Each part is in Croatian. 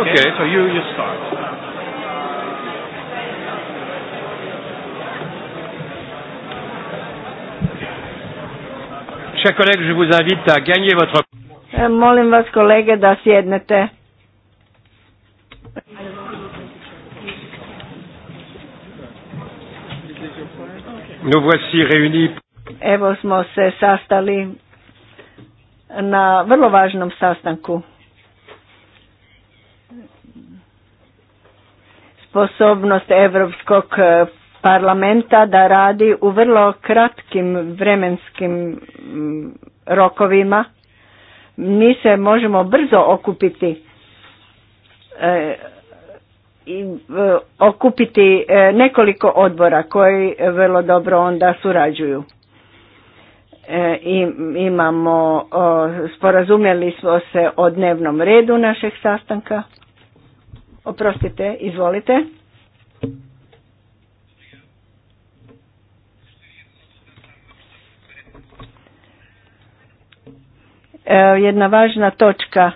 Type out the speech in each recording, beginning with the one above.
Okay, so you, you start. Chers collègues, je vous invite à gagner votre... E, molim vas kolege da sjednete. Nous voici réunis. Evo smo se sastali na vrlo važnom sastanku sposobnost Europskog eh, parlamenta da radi u vrlo kratkim vremenskim mm, rokovima. Mi se možemo brzo okupiti eh, i eh, okupiti nekoliko odbora koji vrlo dobro onda surađuju. I imamo, oh, sporazumjeli smo se o dnevnom redu našeg sastanka. Oprostite, izvolite. E, jedna važna točka.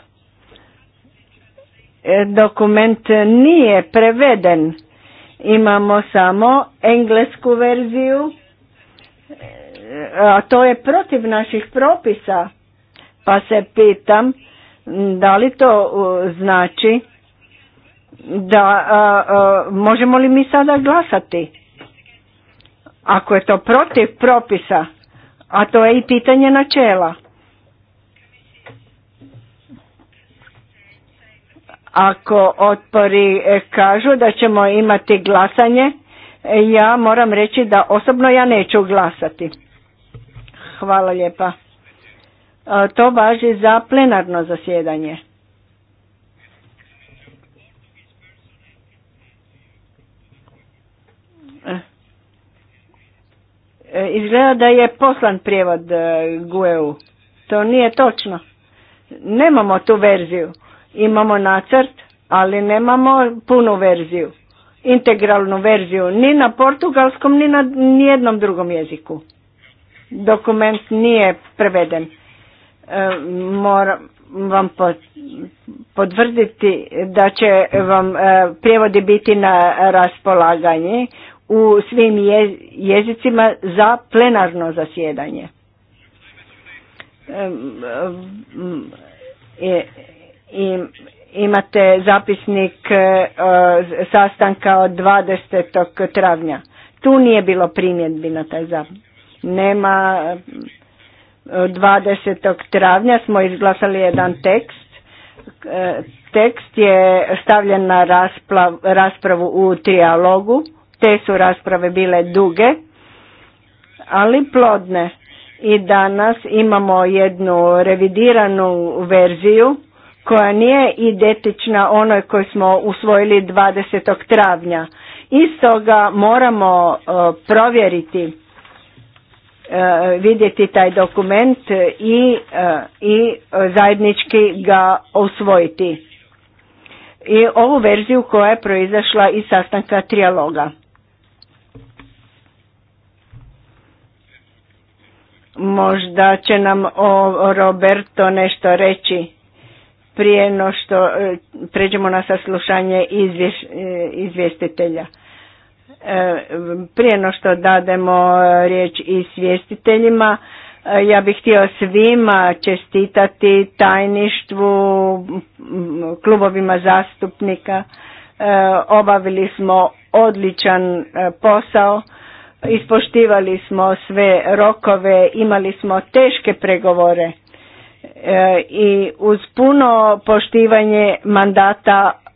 E, dokument nije preveden. Imamo samo englesku verziju. E, a to je protiv naših propisa. Pa se pitam da li to znači da a, a, možemo li mi sada glasati ako je to protiv propisa a to je i pitanje načela ako otpori e, kažu da ćemo imati glasanje e, ja moram reći da osobno ja neću glasati hvala lijepa e, to važi za plenarno zasjedanje E, izgleda da je poslan prijevod e, gue To nije točno. Nemamo tu verziju. Imamo nacrt, ali nemamo punu verziju. Integralnu verziju. Ni na portugalskom, ni na nijednom drugom jeziku. Dokument nije preveden. E, moram vam potvrditi da će vam prijevodi biti na raspolaganje u svim jezicima za plenarno zasjedanje. I imate zapisnik e, sastanka od 20. travnja. Tu nije bilo primjedbi na taj zapisnik. Nema 20. E, travnja smo izglasali jedan tekst. E, tekst je stavljen na raspravu u trialogu. Te su rasprave bile duge, ali plodne. I danas imamo jednu revidiranu verziju koja nije identična onoj koju smo usvojili 20. travnja. Iz toga moramo e, provjeriti, e, vidjeti taj dokument i, e, i zajednički ga usvojiti. I ovu verziju koja je proizašla iz sastanka trijaloga. Možda će nam o Roberto nešto reći prije no što e, pređemo na saslušanje izvješ, e, izvjestitelja. E, prije no što dademo riječ izvjestiteljima, ja bih htio svima čestitati tajništvu, klubovima zastupnika. Obavili smo odličan posao Ispoštivali smo sve rokove, imali smo teške pregovore e, i uz puno poštivanje mandata e,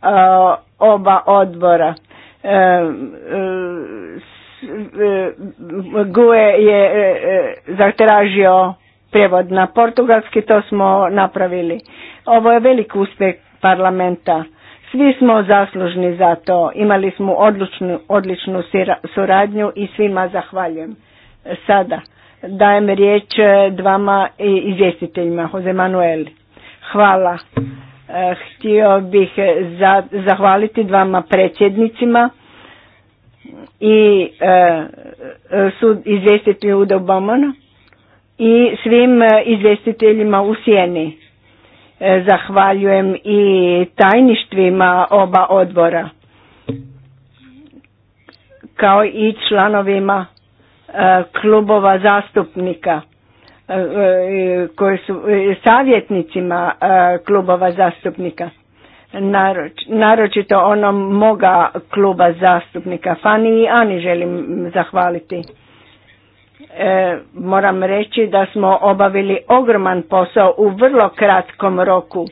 oba odbora. E, GUE je zatražio prijevod na portugalski, to smo napravili. Ovo je velik uspjeh parlamenta. Svi smo zaslužni za to. Imali smo odličnu, odličnu suradnju i svima zahvaljujem. Sada dajem riječ e, dvama izvjestiteljima. Jose Manuel, hvala. E, htio bih e, zahvaliti dvama predsjednicima i sud izvjestitelju Udo i svim izvjestiteljima u Sjeni E, zahvaljujem i tajništvima oba odbora kao i članovima e, klubova zastupnika e, koji su savjetnicima klubova zastupnika naročito onom moga kluba zastupnika Fani i Ani želim zahvaliti E, moram reći da smo obavili ogroman posao u vrlo kratkom roku.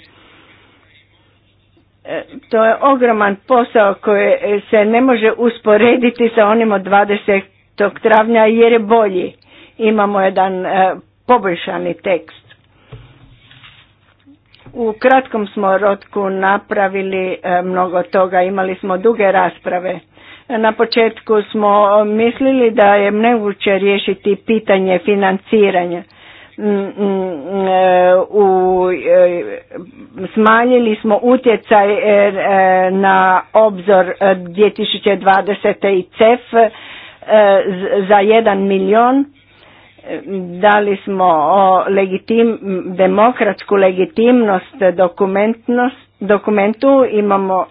E, to je ogroman posao koji se ne može usporediti sa onim od 20. travnja jer je bolji. Imamo jedan e, poboljšani tekst. U kratkom smo rotku napravili mnogo toga, imali smo duge rasprave na početku smo mislili da je moguće riješiti pitanje financiranja. Mm, mm, e, u, e, smanjili smo utjecaj e, na obzor 2020. i CEF za 1 milijon. dali smo legitim, demokratsku legitimnost dokumentu, imamo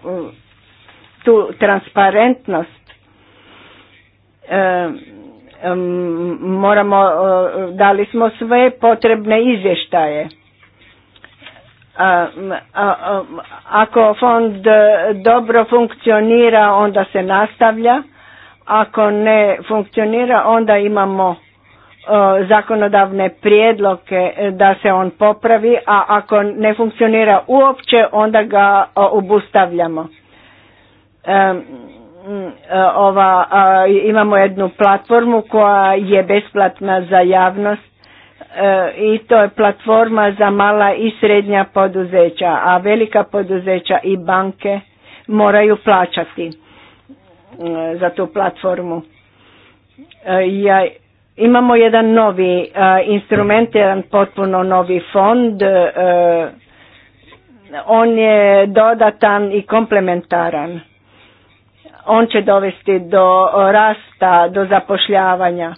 tu transparentnost e, moramo e, dali smo sve potrebne izvještaje ako fond dobro funkcionira onda se nastavlja ako ne funkcionira onda imamo e, zakonodavne prijedloge da se on popravi a ako ne funkcionira uopće onda ga obustavljamo Mm, e, ova, imamo jednu platformu koja je besplatna za javnost e, i to je platforma za mala i srednja poduzeća, a velika poduzeća i banke moraju plaćati mm, za tu platformu. E, imamo jedan novi instrument, jedan potpuno novi fond, on je dodatan i komplementaran on će dovesti do e, rasta, do zapošljavanja.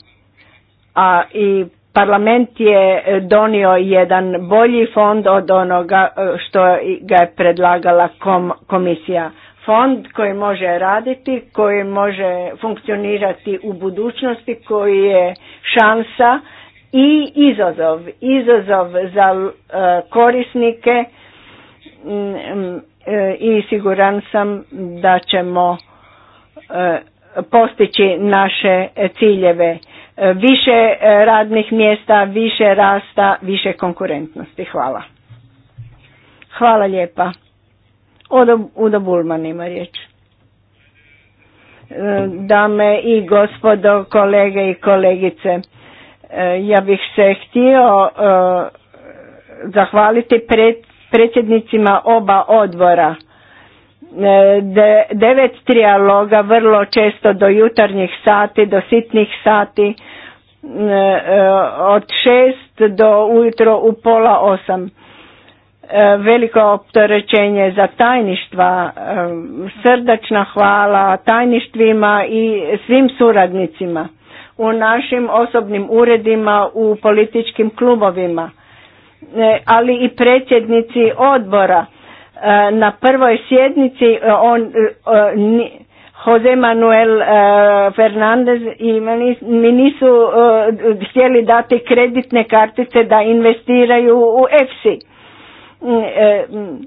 A i parlament je e, donio jedan bolji fond od onoga e, što ga je predlagala kom, komisija. Fond koji može raditi, koji može funkcionirati u budućnosti, koji je šansa i izazov. Izazov za korisnike i siguran sam da ćemo E, postići naše ciljeve. E, više e, radnih mjesta, više rasta, više konkurentnosti. Hvala. Hvala lijepa. Odo, Udo Bulman ima riječ. Dame i gospodo, kolege i kolegice, ja bih se htio zahvaliti predsjednicima oba odbora E, devet trijaloga vrlo često do jutarnjih sati, do sitnih sati, e, e, od šest do ujutro u pola osam. Veliko opterećenje za tajništva, srdačna hvala tajništvima i svim suradnicima u našim osobnim uredima, u političkim klubovima, ali i predsjednici odbora E, na prvoj sjednici e, on, e, Jose Manuel Fernandez i mi nisu htjeli dati kreditne kartice da investiraju u mm, EFSI. Mm,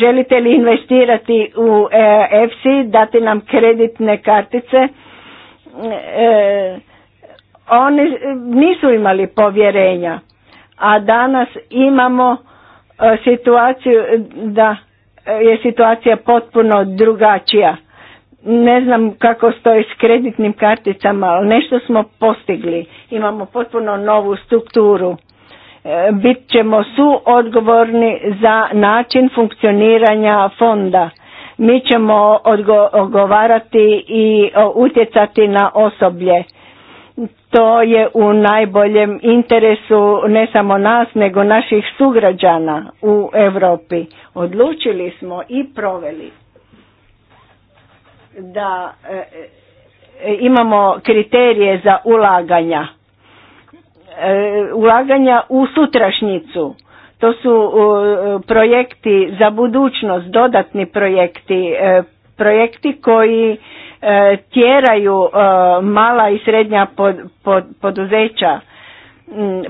želite li investirati u EFSI, dati nam kreditne kartice? Mm, oni nisu imali povjerenja, a danas imamo situaciju da je situacija potpuno drugačija. Ne znam kako stoji s kreditnim karticama, ali nešto smo postigli. Imamo potpuno novu strukturu. E, bit ćemo suodgovorni za način funkcioniranja fonda. Mi ćemo odgovarati i utjecati na osoblje to je u najboljem interesu ne samo nas, nego naših sugrađana u Europi. Odlučili smo i proveli da e, e, imamo kriterije za ulaganja. E, ulaganja u sutrašnjicu. To su projekti za budućnost, dodatni projekti, projekti koji E, tjeraju e, mala i srednja poduzeća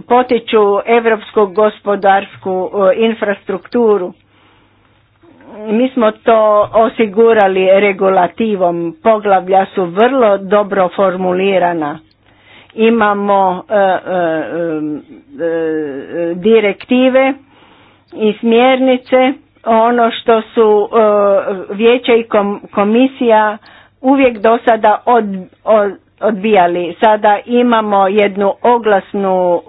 potiču europsku gospodarsku e, infrastrukturu. Mi smo to osigurali regulativom, poglavlja su vrlo dobro formulirana. Imamo direktive i smjernice, ono što su vijeće i komisija uvijek do sada odbijali. Sada imamo jednu oglasnu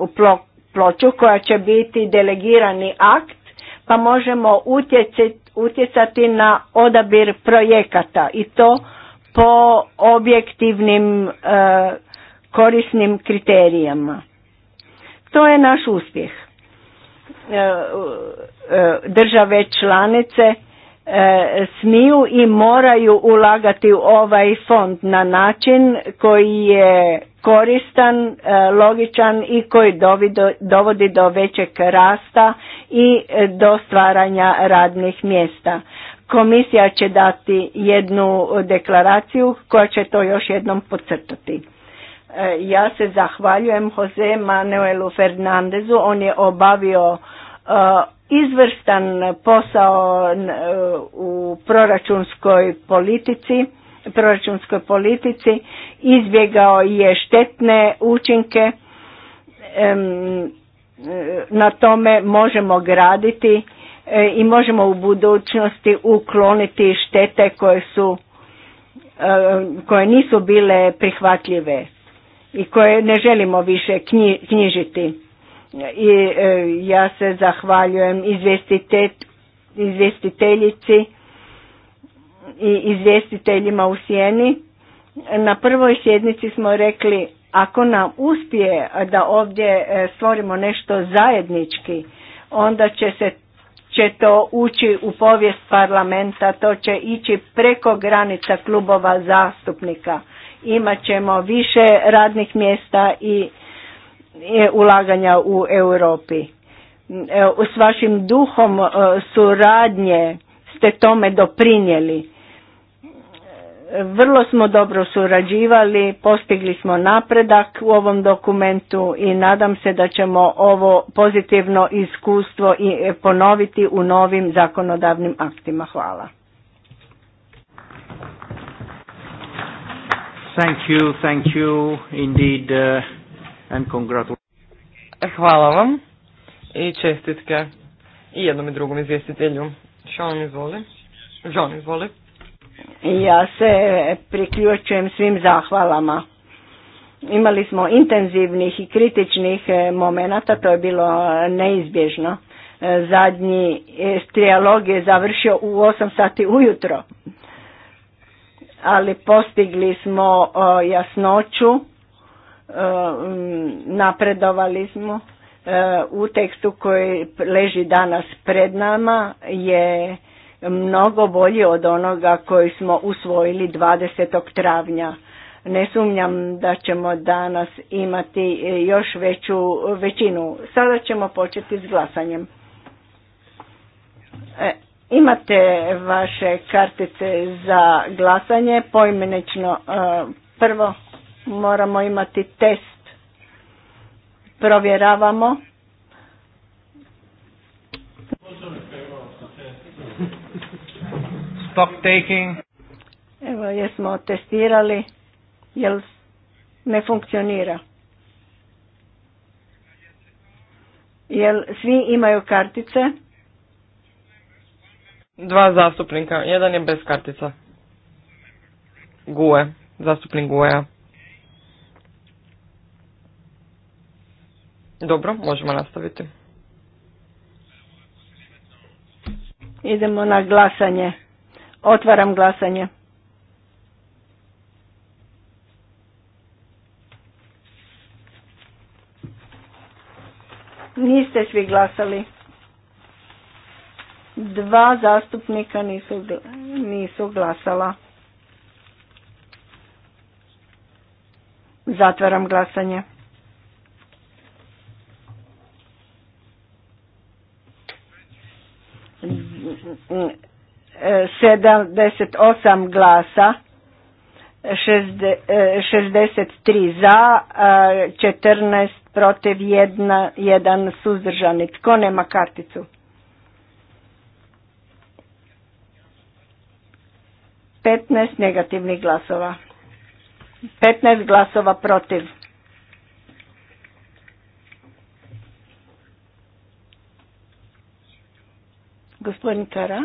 ploču koja će biti delegirani akt pa možemo utjecati, utjecati na odabir projekata i to po objektivnim e, korisnim kriterijama. To je naš uspjeh. E, e države članice E, smiju i moraju ulagati u ovaj fond na način koji je koristan, e, logičan i koji dovodi do većeg rasta i e, do stvaranja radnih mjesta. Komisija će dati jednu deklaraciju koja će to još jednom podcrtati. Ja se zahvaljujem Jose Manuelu Fernandezu, on je obavio izvrstan posao e, u proračunskoj politici proračunskoj politici izbjegao je štetne učinke na tome možemo graditi e, i možemo u budućnosti ukloniti štete koje su e, koje nisu bile prihvatljive i koje ne želimo više knjižiti i e, ja se zahvaljujem izvjestiteljici i izvjestiteljima u sjeni. Na prvoj sjednici smo rekli ako nam uspije da ovdje e, stvorimo nešto zajednički, onda će se će to ući u povijest parlamenta, to će ići preko granica klubova zastupnika. Imaćemo više radnih mjesta i ulaganja u Europi. Mm, e, s vašim duhom e, suradnje ste tome doprinijeli. E, vrlo smo dobro surađivali, postigli smo napredak u ovom dokumentu i nadam se da ćemo ovo pozitivno iskustvo i ponoviti u novim zakonodavnim aktima. Hvala. Thank you, thank you indeed. Uh, and Hvala vam i čestitke i jednom i drugom izvjestitelju. Sean izvoli. John izvoli. Ja se priključujem svim zahvalama. Imali smo intenzivnih i kritičnih e, momenata, to je bilo e, neizbježno. E, zadnji trijalog je završio u 8 sati ujutro, ali postigli smo jasnoću E, napredovali smo e, u tekstu koji leži danas pred nama je mnogo bolji od onoga koji smo usvojili 20. travnja. Ne sumnjam da ćemo danas imati još veću većinu. Sada ćemo početi s glasanjem. E, imate vaše kartice za glasanje poimenično prvo moramo imati test. Provjeravamo. Stop taking. Evo, jesmo testirali, jel ne funkcionira. Jel svi imaju kartice? Dva zastupnika, jedan je bez kartica. Gue, zastupnik Gueja. Dobro, možemo nastaviti. Idemo na glasanje. Otvaram glasanje. Niste svi glasali. Dva zastupnika nisu, nisu glasala. Zatvaram glasanje. 78 glasa, 63 e, za, 14 protiv, 1, suzdržani. Tko nema karticu? 15 negativnih glasova. 15 glasova protiv. Gospodin Kara.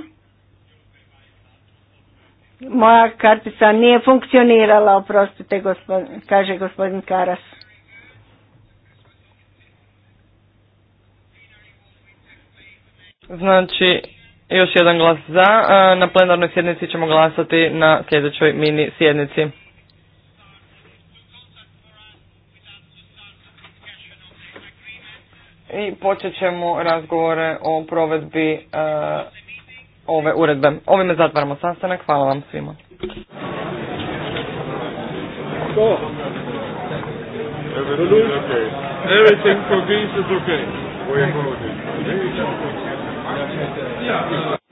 Moja kartica nije funkcionirala, oprostite, gospodin, kaže gospodin Karas. Znači, još jedan glas za. Na plenarnoj sjednici ćemo glasati na sljedećoj mini sjednici. i počet ćemo razgovore o provedbi e, ove uredbe. Ovime zatvaramo sastanak. Hvala vam svima. Everything for is okay. We are